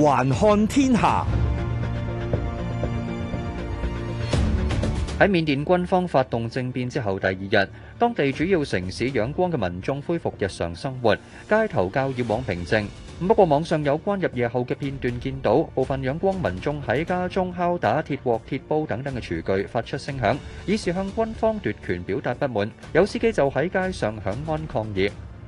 環看天下。喺緬甸軍方發動政變之後，第二日，當地主要城市仰光嘅民眾恢復日常生活，街頭較以往平靜。不過網上有關入夜後嘅片段，見到部分仰光民眾喺家中敲打鐵鍋、鐵煲等等嘅廚具，發出聲響，以示向軍方奪權表達不滿。有司機就喺街上響安抗議。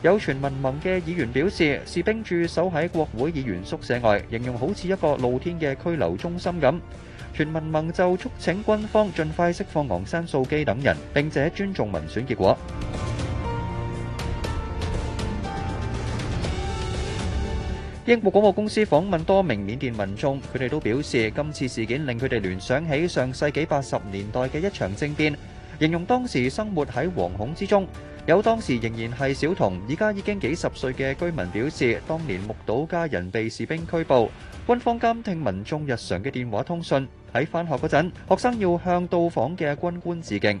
有全民盟嘅議員表示，士兵駐守喺國會議員宿舍外，形容好似一個露天嘅拘留中心咁。全民盟就促請軍方盡快釋放昂山素姬等人，並且尊重民選結果。英國廣播公司訪問多名緬甸民眾，佢哋都表示，今次事件令佢哋聯想起上世紀八十年代嘅一場政變，形容當時生活喺惶恐之中。有當時仍然係小童，而家已經幾十歲嘅居民表示，當年目睹家人被士兵拘捕，軍方監聽民眾日常嘅電話通訊，喺返學嗰陣，學生要向到訪嘅軍官致敬。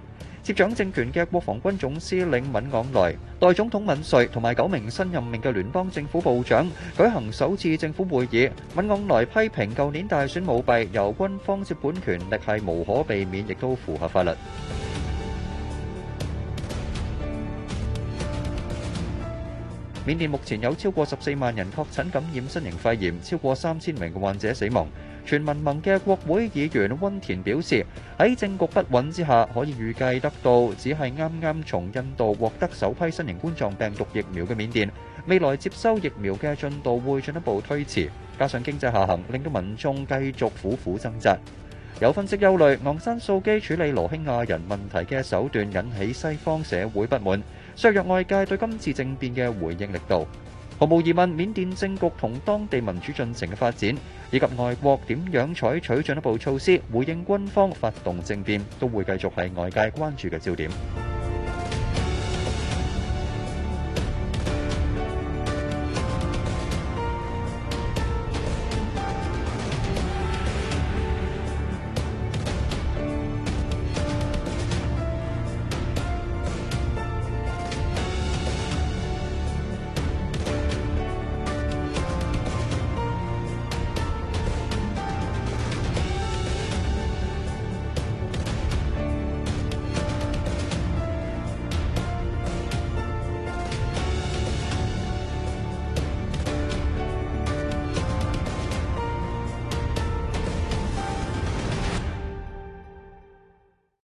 接掌政權嘅國防軍總司令敏昂萊、代總統敏瑞同埋九名新任命嘅聯邦政府部長舉行首次政府會議。敏昂萊批評舊年大選舞弊，由軍方接管權力係無可避免，亦都符合法律。緬甸目前有超過十四萬人確診感染新型肺炎，超過三千名患者死亡。全民盟嘅國會議員温田表示，喺政局不穩之下，可以預計得到，只係啱啱從印度獲得首批新型冠狀病毒疫苗嘅緬甸，未來接收疫苗嘅進度會進一步推遲。加上經濟下行，令到民眾繼續苦苦掙扎。有分析憂慮，昂山素姬處理羅興亞人問題嘅手段引起西方社會不滿，削弱外界對今次政變嘅回應力度。毫無疑問，緬甸政局同當地民主進程嘅發展，以及外國點樣採取進一步措施，回應軍方發動政變，都會繼續係外界關注嘅焦點。